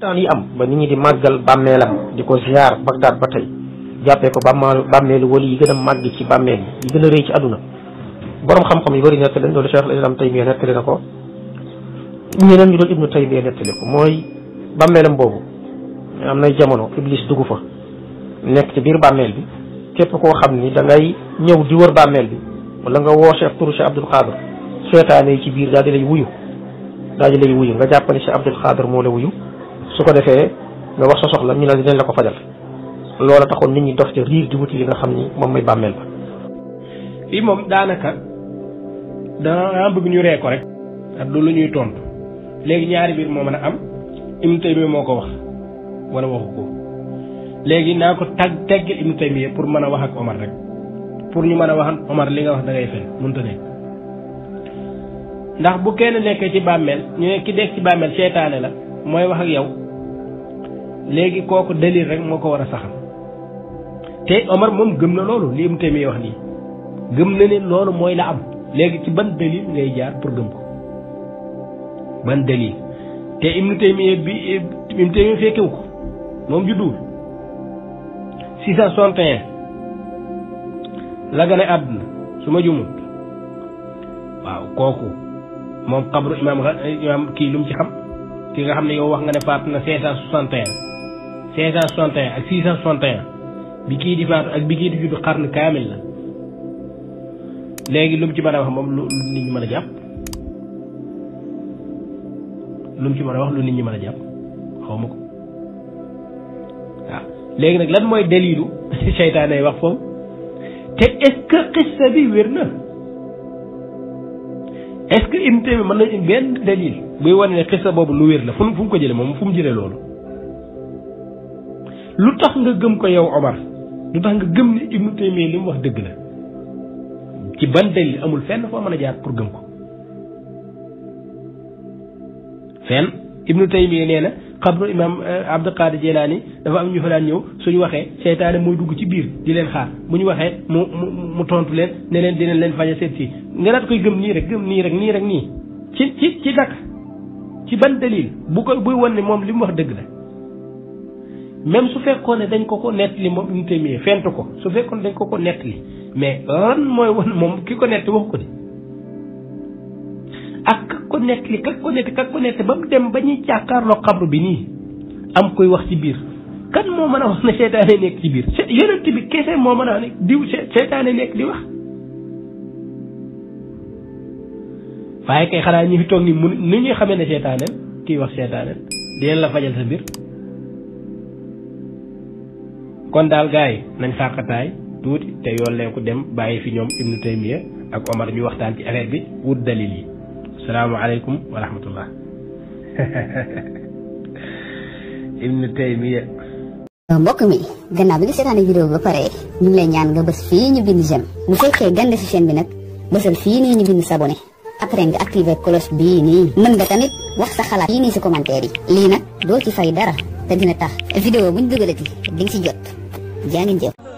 temps yi am ba nit ñi di màggal bàmmeelam di ko ziar Bagdad ba tey jàppee ko bàmmaalu bàmmeelu wala yi gën a màgg ci bàmmeel yi gën a rëy ci àdduna borom xam-xam yu bari nettali leen loolu Cheikh la Islam Taymiya nettali na ko ñeneen ñu doon Ibnu Taymiya nettali ko mooy bàmmeelam boobu am na jamono Iblis dugg fa nekk ci biir bàmmeel bi képp koo xam ni dangay ñëw di wër bàmmeel bi wala nga woo Cheikh pour Cheikh Abdul Qadir seetaane yi ci biir daal di lay wuyu daal di lay wuyu nga jàpp ne su ko defee nga wax sa soxla ñu ne dinañ la ko fajal loola taxoon nit ñi dof ca riir di wuti li nga xam ni moom mooy bàmmeel ba. fii moom daanaka dana bëgg ñu ree ko rek. ak lu ñuy tontu léegi ñaari biir moo mën a am Ibnu Taymiya moo ko wax wala waxu ko léegi naa ko tag teggil pour mën a wax ak Omar rek pour ñu mën a wax ak li nga wax da ngay fen mënta ndax bu kenn nekkee ci bàmmeel ñu ne ki dee ci bàmmeel seetaane la. mooy wax ak yow léegi kooku dalil rek moo ko war a saxal te Omar moom gëm na loolu li mu téemee wax nii gëm na ni loolu mooy la am léegi ci ban dalil ngay jaar pour gëm ko ban dalil te Ibnu Taymiya bi Ibnu Taymiya fekkewu ko moom judduwul six cent soixante et un la gën a àdduna su ma jumut waaw kooku moom xabru imaam kii lu mu ci xam ki nga xam ne yow wax nga ne faat na cinq cent soixante et un cinq soixante et ak six cent soixante et bi kii di faatu ak bi kii di judd xarn kaamil la léegi lu mu ci mën a wax moom lu nit ñi mën a jàpp lu mu ci mën a wax lu nit ñi mën a jàpp xaw ma ko léegi nag lan mooy dalilu seytaane wax foofu te est-ce que bi wér na est ce que im tamit mën nañ indi benn dalil muy wane ne xisa boobu lu wér la fu fu mu ko jëlee moom fu mu jëlee loolu lu tax nga gëm ko yow Omar lu tax nga gëm ne ibnu taymiya li mu wax dëgg la ci ban dalil amul fenn foo mën a jaar pour gëm ko fenn ibnu taymiya nee na xabru imam eh, Abdul Qadir Jelaani dafa am ñu fa daan ñëw suñu waxee seytaane mooy dugg ci biir di leen xaar bu ñu waxee mu mu mu tontu leen ne leen dinañ leen fañ a seet si nga daat koy gëm nii rek gëm nii rek nii rek nii ci ci ci dakk ci ban dalil bu koy buy wan ne moom li mu wax dëgg la même su fekkoon ne dañ ko ko nettali moom une téeméer fent ko su fekkoon dañ ko ko nettali mais lan mooy wan moom ki ko nett wax ko de nekk ka ko nekk ka ko nekk ba mu dem ba ñuy jàkkaarloo xabru bi nii am koy wax ci biir kan moo mën a wax ne seytaane nekk ci biir yonent bi kese moo mën a ne diw seytaane nekk di wax waaye kay xanaa ñi fi toog ni mun ni ñuy xamee ne ki kii wax di dinañ la fajal sa mbir kon daal gars nañ tuuti te ko dem bàyyi fi ñoom ibnu taymiya ak omar ñu waxtaan ci affaire bi wut dalil salaamu salaamualeykum wa rahmatullah ibnu taymiya mbokk mi gannaa bi ñu seetaane vidéo ba pare ñu ngi lay ñaan nga bës fii ñu bind jëm bu fekkee gande si chaine bi nag bësal fii nii ñu bind sabone après nga activer cloche bii nii mën nga tamit wax sa xalaat fii nii si commentaire yi lii nag doo ci fay dara te dina tax vidéo buñ dugalati di nga si jot jaa ngi jëf